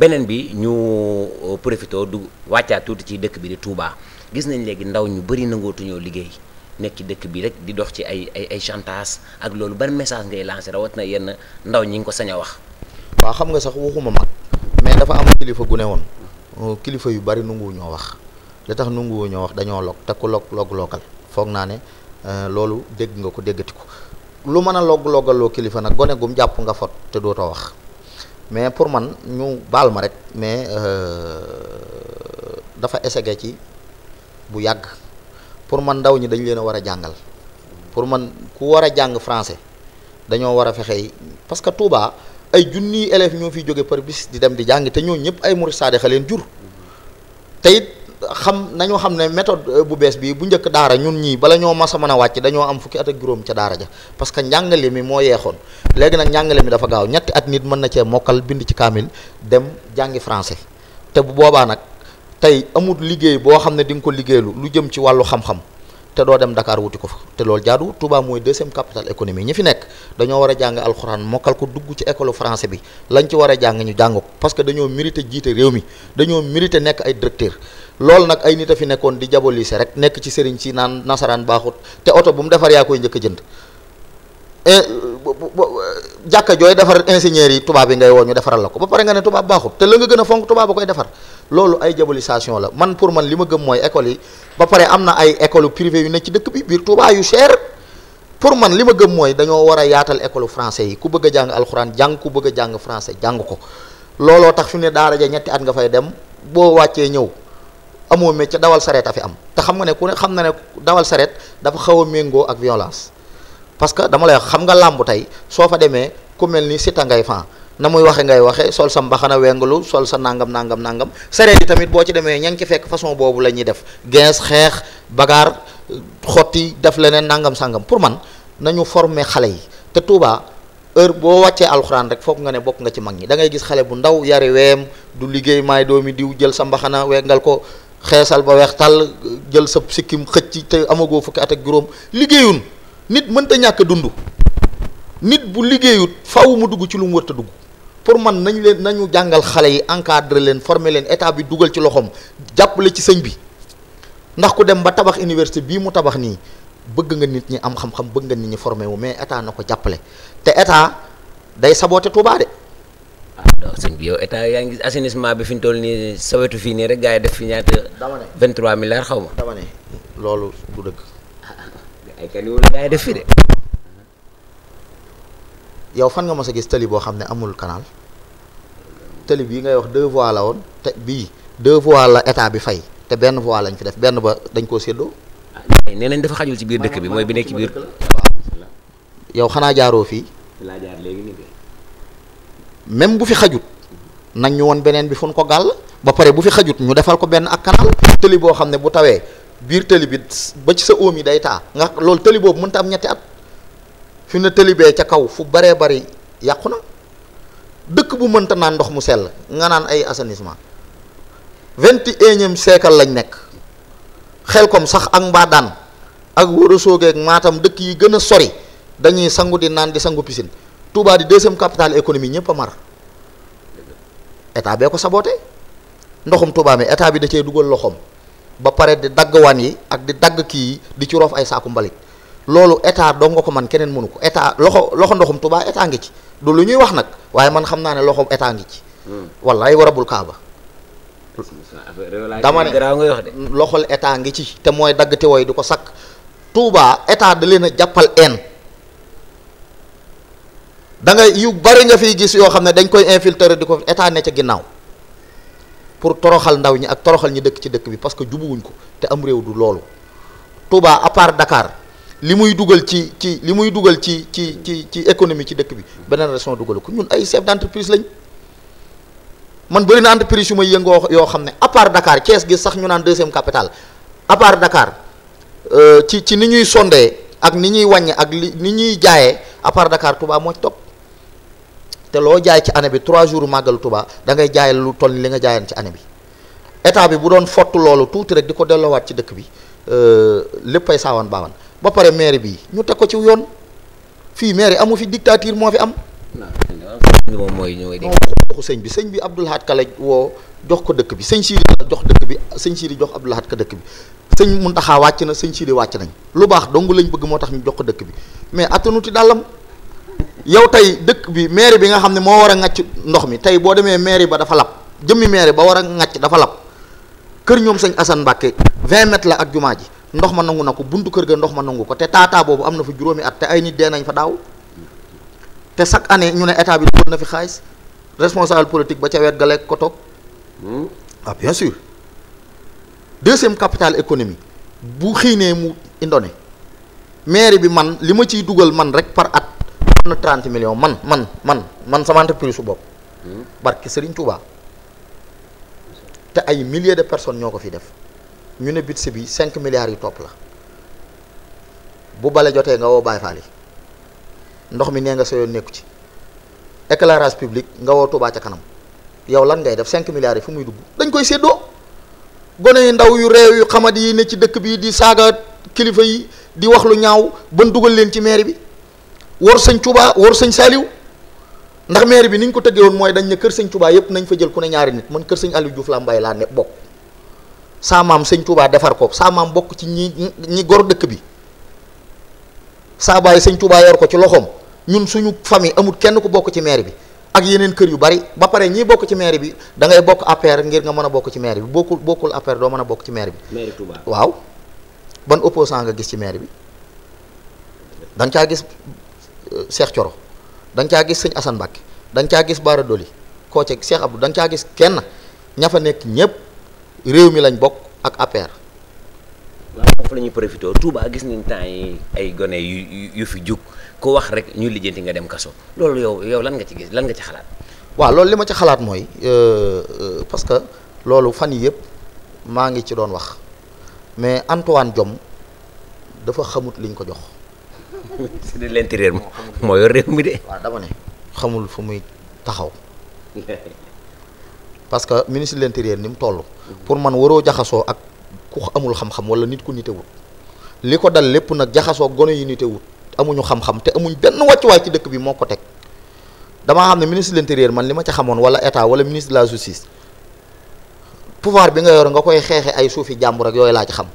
beneen bi ñu euh, profito du wàccaat tuuti ci dëkk bi di tuubaa gis nañ léegi ndaw ñu bëri nangootuñoo liggéey nekk ci dëkk bi rek di dox ci ay ay ay chantage ak loolu ban message ngay lancé na yenn ndaw ñi nga ko sañ a wax. waa xam nga sax waxuma mag mais dafa am kilifa gu ne woon euh, kilifa yu bari nanguwu ñoo wax li tax nanguwu ñoo wax dañoo log te ku log logal foog naa ne euh, loolu dégg nga ko déggati ko lu mën a log logaloo kilifa nag gone gum jàpp nga fot te dootoo wax. mais pour man ñu baal ma rek mais euh, dafa échec ci bu yàgg pour man ndaw ñi dañu leen a war a jàngal pour man ku war a jàng français dañoo war a fexe parce que Touba ay junniy élèves ñoo fiy jóge par bis di dem di jàng te ñoo ñëpp ay murid saade xa leen jur te xam nañu xam ne méthode euh, bu bees bii bu njëkk daara ñun ñii bala ñoo mas a mën a wàcc dañoo am fukki at ak juróom ca daara ja parce que njàngale mi moo yeexoon léegi nag njàngale mi dafa gaaw ñetti at nit mën na cee mokkal bind ci kaamil dem jàngi francais te bu boobaa nag tey amul liggéey boo xam ne di nga ko liggéeylu lu jëm ci wàllu xam-xam te doo dem ndakaar wuti ko fa te loolu jaadu Touba mooy deuxième capital économique ñi fi nekk dañoo war a jàng alxuraan mokkal ko dugg ci école français bi lañ ci war a jàng ñu jàng ko parce que dañoo mérité jiite réew mi dañoo mérité nekk ay directeur loolu nag ay nit a fi nekkoon di jabolise rek nekk ci sëriñ si naan nasaraan baaxut te oto bu mu defar yaa koy njëkk a jënd eh, jàkka jooy defar ingénieur yi tubaab yi ngay woo ñu defaral la ko ba pare nga ne tubaab baaxut te la nga gën a fonk tubaab a koy defar loolu ay jabolisation la man pour man li ma gëm mooy école yi ba pare am na ay école privée yu ne ci dëkk bi biir Touba yu cher pour man li ma gëm mooy dañoo war a yaatal école français yi ku bëgg jàng alxuraan jàng bëgg a jàng jàng ko looloo tax fi mu ne daara ja ñetti at nga fay dem boo wàccee ñëw amoo métier dawal sareet a fi am te xam nga ne ku xam na ne dawal sareet dafa xaw méngoo ak violence parce que dama la wax xam nga làmb tey soo fa demee ku mel ni Siteu ngay fan na muy waxe ngay waxe sol sa mbaxana wenglu sol sa nangam nangam nangam sareet yi boo ci demee ña ngi ci fekk façon boobu la def gens xeex bagaar xotti def leneen nangam sangam pour man nañu former xale yi te Touba heure boo wàccee alxuraan rek foog nga ne bokk nga ci mag ñi da ngay gis xale bu ndaw yari weem du liggéey maay doomi diw jël sa mbaxana wengal ko xeesal ba weex tàll jël sa sikkim xëcc te amagoo fukki at ak juróom liggéeyul nit mënta ñàkk dund nit bu liggéeyut faw mu dugg ci lu mu wërta dugg pour man nañ leen nañu jàngal xale yi encadre leen formé leen état bi dugal ci loxoom jàppale ci sëñ bi ndax ku dem ba tabax université bii mu tabax nii bëgg nga nit ñi am xam-xam bëgg nga nit ñi formé wu mais état na ko jàppale te état day saboté Touba de donc sëñ bi yow état yaa ngi assainissement bi fi ñu toll nii sawetu fii nii rek gars yi def fi ñaata. dama ne 23 milliards xaw ma. dama ne loolu du dëgg. ay yi def fi de. yow fan nga mos a gis tëli boo xam ne amul canal tëli bii ngay wax deux voies la woon te bii deux voies la état bi fay te benn voie lañ fi def benn ba dañ koo séddoo. ah nee nañ dafa xajul ci biir dëkk bi mooy bi nekk ci biir. waaw yow xanaa jaaroo fii. laa même bu fi xajut nañ ñu woon beneen bi fu ñu ko gàll ba pare bu fi xajut ñu defal ko benn ak canal tëli boo xam ne bu tawee biir tëli bi ba ci sa oom yi day taa nga loolu tëli boobu mënta am ñetti at fi ne tëli bee ca kaw fu baree bari yàqu na dëkk bu mënta naan ndox mu sell nga naan ay assainissement vingt et seekal lañ nekk xel koom sax ak mbaadaan ak wóor a soogeeg maatam dëkk yi gën a sori dañuy sangu di naan di sangu piscine Touba di deuxième capitale économie ñëpp a mar état bee ko saboté ndoxum Touba mi état bi da cee dugal loxoom ba pare di dagg wan yi ak di dagg kii yi di ci roof ay saaku mbalit loolu état dong nga ko man keneen mënu ko état loxo loxo ndoxum Touba état ngi ci du ñuy wax nag waaye man xam naa ne loxo état ngi ci. Hmm. wallaay warabul kaaba. dama ne loxol état ngi ci te mooy dagg te woy di ko sakk Touba état da leen a jàppal en da nga yu bari nga fiy gis yoo xam ne dañ koy infilter di ko état ne ca ginnaaw pour toroxal ndaw ñi ak toroxal ñi dëkk ci dëkk bi parce que jubuwuñ ko te am réew du loolu Touba à part Dakar li muy dugal ci ci li muy dugal ci ci ci ci économie ci dëkk bi beneen région dugal ko ñun ay chef d'entreprise lañ man bëri na entreprise yu may yëngoo yoo xam ne à part Dakar Thiès gi sax ñu naan deuxième capitale à dakaar Dakar euh, ci ci ni ñuy sondee ak ni ñuy wàññe ak li ni ñuy jaayee à Dakar Touba moo ci te loo jaay ci année bi trois jours màggal tubaa dangay ngay jaay lu toll li nga jaayan ci année bi état bi bu doon fott loolu tuuti rek di ko delloowaat ci dëkk bi euh, léppay saawan baawan ba pare maire bi ñu teg ko ci yoon fii maire amu fi dictature moo fi am. moom mooy ñooy sëñ bi sëñ bi Abdoul Ahad Kala woo jox ko dëkk bi sëñ Sidi jox dëkk bi sëñ Sidi jox Abdoul Ahad ka dëkk bi sëñ mun Muntaxa wàcc na sëñ Sidi wàcc nañ lu baax dong lañ bëgg moo tax ñu jox ko dëkk bi yow tey dëkk bi mairie bi nga xam ne moo war a ŋàcc ndox mi tey boo demee mairie ba dafa lab jëmmi mairie ba war a ŋàcc dafa lap kër ñoom sëñ Assane Mbàkke 20 mètres la ak jumaa ji ndox ma nangu na ko buntu kër gi ndox ma nangu ko te taataa boobu am na fa juróomi at te ay nit dee nañ fa daaw te chaque année ñu ne état bi dugal na fi xaalis responsable politique ba ca wet ga lekk ko toog hmm. ah bien sûr deuxième capitale économie bu xiinee mu indone mairie bi man li ma ciy dugal man rek par at am na 30 man man man man sama entreprise su bopp hmm. barke Serigne Touba te ay milliers de personnes ñoo ko fi def ñu ne budget bi cinq milliards yu topp la bu bale jotee nga woo Baye Fall ndox mi nee nga sa yoon nekku ci éclairage publique nga woo Touba ca kanam yow lan ngay def 5 milliards yi fu muy dugg dañ koy séddoo gone yu ndaw yu réew yu xamat yi ne ci dëkk bi di saaga kilifa yi di wax lu ñaaw ban dugal leen ci mairie bi. wor sañ tubaa wor sëñ Saliou ndax maire bi ni ñu ko tëggee woon mooy dañ ne kër sëñ Touba yëpp nañ fa jël ku ne ñaari nit man kër sëñ Aliou Diouf Lambaye laa ne bokk saa maam sëñ tubaa defar ko saa maam bokk ci ñi ñi gor dëkk bi saa baay sëñ Touba yor ko ci loxoom ñun suñu famille amul kenn ku bokk ci maire bi ak yeneen kër yu bari ba pare ñii bokk ci maire bi da ngay bokk APR ngir nga mën a bokk ci maire bi bokkul bokkul APR doo mën a bokk ci maire bi. maire Touba waaw ban opposant nga gis ci maire bi Cheikh Coro da nga caa gis sëñ Assane Mbacke da nga caa gis Baara Doli koo ca Cheikh Abdou da nga caa gis kenn ña fa nekk ñëpp réew mi lañ bokk ak APR. waaw foofu la ñuy profité Touba gis nañ temps yi ay gone yu yu fi jug ku wax rek ñu lijjanti nga dem kaso loolu yow yow lan nga ci gis lan nga ci xalaat. waaw loolu li ma ci xalaat mooy euh, euh, parce que loolu fan yii yëpp maa ngi ci doon wax mais Antoine Diome dafa xamut liñ ko jox. ministre de moo yor réew mi de. waaw dama xamul fu muy taxaw parce que ministre de l'intérieur ni mu toll. pour man waroo jaxasoo ak ku amul xam-xam wala nit ku nitewut li ko dal lépp nag jaxasoo gone yu nitewut amuñu xam-xam te amuñ benn wàccuwaay ci dëkk bi moo ko teg damaa xam ne ministre de l'intérieur man li ma ca xamoon wala état wala ministre de la justice pouvoir bi nga yor nga koy xeexe ay suufi jàmbur ak yooyu laa ci xam.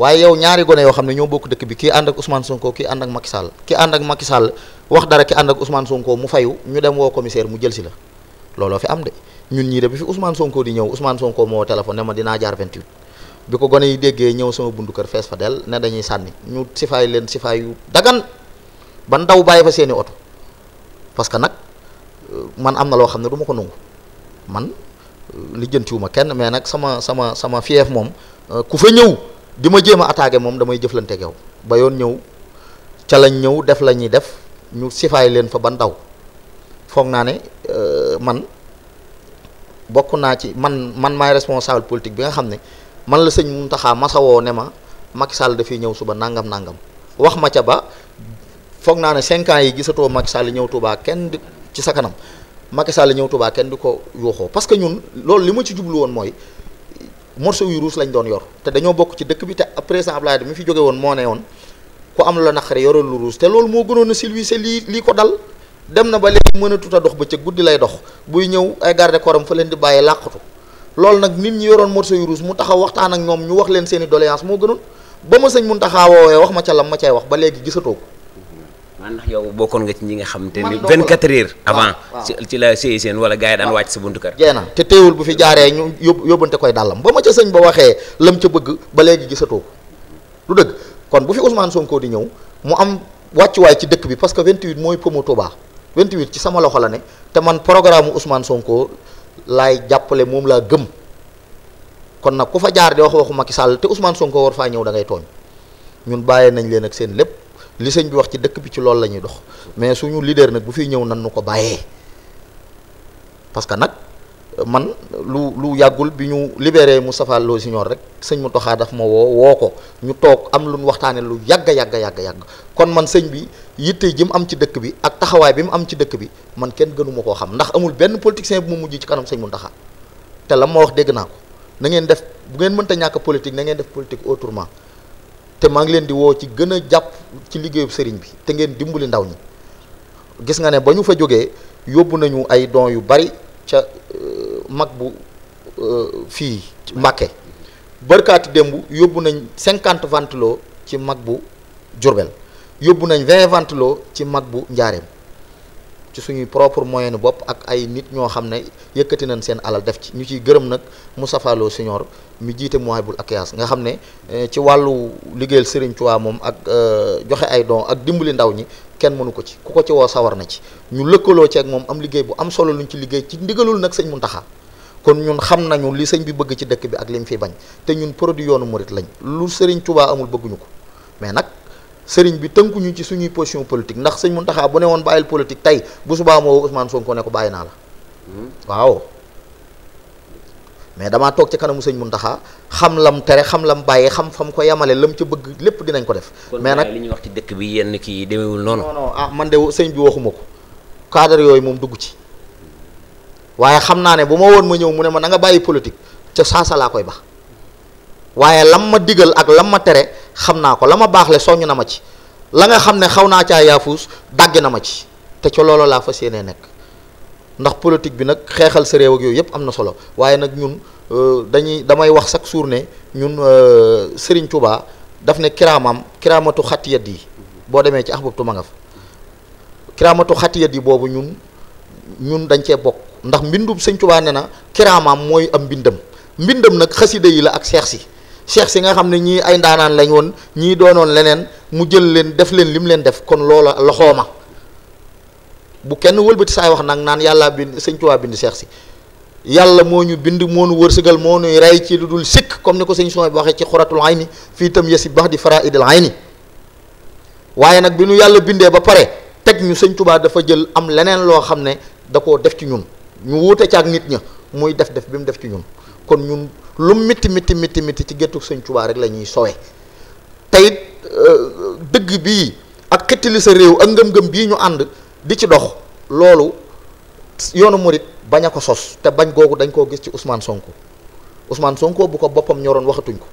waaye yow ñaari gone yoo xam ne ñoo bokk dëkk bi kii ànd ak Ousmane Sonko kii ànd ak Macky ki kii ànd ak Macky Sall wax dara ki ànd ak Ousmane Sonko mu fayu ñu dem woo commissaire mu jël si la looloo fi am de ñun ñii de bi fi Ousmane Sonko di ñëw Ousmane Sonko moo téléphone ne ma dinaa jaar 28 bi ko gone yi déggee ñëw sama buntu kër fees fa del ne dañuy sànni ñu sifaay leen sifaay yu dagan ba ndaw bàyyi fa seeni oto parce que nag euh, man am na loo xam ne duma ko nangu man euh, lijjantiwuma kenn mais nag sama sama sama fief moom euh, ku fa ñëw. di ma jéem a attaqué moom damay jëflante ak yow ba yoon ñëw ca lañ ñëw def la ñuy def ñu sifaay leen fa ba ndaw foog naa ne euh, man bokk naa ci man man maay responsable bi nga xam ne man la sëñ Mountakha masawoo ne ma Macky Sall dafay ñëw suba nangam nangam wax ma ca ba foog naa ne cinq yi gisatoo Macky Sall ñëw Touba kenn di ci sa kanam Macky ñëw Touba kenn di ko yuuxoo parce que ñun loolu li ma ci jublu woon mooy. morceau yu ruus lañ doon yor te dañoo bokk ci dëkk bi te président Abdoulaye Wade i fi jóge woon moo ne woon ku am la naqare yoral lu ruus te loolu moo gënoon a silvissé lii lii ko dal dem na ba léegi mën dox ba ca guddi lay dox buy ñëw ay garde koram fa leen di bàyyi làqatu loolu nag nit ñi yoroon morceau yu ruus mu taxaw waxtaan ak ñoom ñu wax leen seeni doliance moo gënoon ba ma sëñ mun taxaa woowee wax ma ca lam ma cay wax ba léegi gisatoo ko man ndax yow bokkoon nga ci ñi nga xam te ni 24 heures ah, avant ci la sëy seen wala gars yi daan ah. wàcc sa buntu kër jeena te teewul bu fi jaaree ñu yóbbante koy dàllam ba ma ca sëñ ba waxee lam ca bëgg ba léegi gisatoo ko du dëgg kon bu fi Ousmane Sonko di ñëw mu am wàccuwaay ci dëkk bi parce que 28 mooy tubaa Touba 28 ci sama loxo la ne te man programme Ousmane Sonko laay jàppale moom laa gëm kon nag ku fa jaar di wax waxu Macky Sall te Ousmane Sonko war faa ñëw da ngay tooñ ñun bàyyee nañ leen ak seen lépp li sëñ bi wax ci dëkk bi ci loolu lañuy dox mais suñu leader nag bu fi ñëw nan nu ko bàyyee parce que nag euh, man lu lu yàggul bi ñu libéré Moustapha Lo Junior rek sëñ mu Mountakha daf ma woo woo ko ñu toog am lu ñu waxtaanee lu yàgg yàgga yàgg yàgg kon man sëñ bi yitte ji mu am ci dëkk bi ak taxawaay bi mu am ci dëkk bi man kenn gënu koo xam ndax amul benn politicien bi mu mujj ci kanam sëñ Mountakha te la ma wax dégg naa ko na ngeen def bu ngeen mënta ñàkk politique na ngeen def politique te maa ngi leen di woo ci gën a jàpp ci liggéeyub sëriñ bi te ngeen dimbali ndaw ñi gis nga ne ba ñu fa jógee yóbbu nañu ay don yu bari ca euh, mag bu euh, fii Mbàkke bërkaati démb yóbbu nañ cinquante ventilo ci mag bu Jurbel yóbbu nañ vingt ventilo ci mag bu Njaareem ci suñuy propre moyen bopp ak ay nit ñoo xam ne yëkkati nañ seen alal def ci ñu ciy gërëm nag mu Lo Senior mi jiite Mouwahiboul Akyas nga xam ne eh, ci wàllu liggéeyal Serigne Touba moom ak eh, joxe ay don ak dimbali ndaw ñi kenn mënu ko ci ku ko ci woo sawar na ci ñu lëkkaloo ceeg moom am liggéey bu am solo lu ñu ci liggéey ci ndigalul nag sëñ Mountakha kon ñun xam nañu li sëñ bi bëgg ci dëkk bi ak li mu fi bañ te ñun produit yoonu murit lañ lu Serigne Touba amul bëgguñu ko mais nag sëriñ bi tënkuñu ci suñuy position politique ndax sëñ Mountakha bu ne woon bàyyil politique tey bu subaa moo Ousmane Sonko ne ko bàyyi naa la waaw mais damaa toog ci kanamu sëñ mun Mountakha xam lam tere xam la mu bàyyi xam xam ko yemale lam ci bëgg lépp dinañ ko def mais nag li ñuy wax ci dëkk bi yenn kii demeewul noonu non non ah, man de sëñ bi waxuma ko cadre yooyu moom dugg ci waaye xam naa ne bu ma woon ma ñëw mu ne ma na nga bàyyi politique ca saasa laa koy ba waaye lam ma digal ak lam ma tere xam naa ko la ma baaxle soññ na ma ci la nga xam ne xaw naa caa yaafuus dàgg na ma ci te ca loolu laa fas yéenee nekk ndax politique bi nag xeexal sa réew ak yooyu yëpp am na solo waaye nag ñun euh, dañuy damay wax chaque jour ne ñun euh, Serigne Touba daf ne kiraamam kiraamatu xatiyat yi boo demee ci ax bubtu ma nga fa kiraamatu xatiyat yi boobu ñun ñun dañ cee bokk ndax mbindum sëñ Touba ne na kiraamam mooy am mbindam mbindam nag xasida yi la ak seex si cheikh si nga xam ne ñii ay ndaanaan lañ woon ñii doonoon leneen mu jël leen def leen mu leen def kon loola loxooma bu kenn wëlbati saay wax nag naan yàllaa bind sëñ Tuubaa bind cheikh si yàlla moo ñu bind moo ñu wërsëgal moo ñuy rey ci lu dul sikk comme ni ko sëñ Souhaïbou waxee ci xuratul ayni fii itam yesi bax di faraidil ayni waaye nag bi ñu yàlla bindee ba pare teg ñu sëñ Tuubaa dafa jël am leneen loo xam ne da koo def ci ñun ñu wuute ci ak nit ña muy def def bi mu def ci ñun kon ñun lu métti métti métti métti ci géttu sëñ Tuubaa rek la ñuy sowe teyit euh, dëgg bii ak xettali sa réew ak ngëm-ngëm bii ñu ànd di ci dox loolu yoonu murit bañ ko sos te bañ googu dañ koo gis ci Ousmane Sonko Ousmane Sonko bu ko boppam ñoroon waxatuñ ko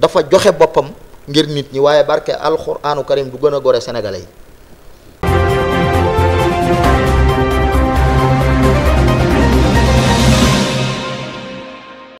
dafa joxe boppam ngir nit ñi waaye barke alxuraanu karim du gën a gore sénégalais yi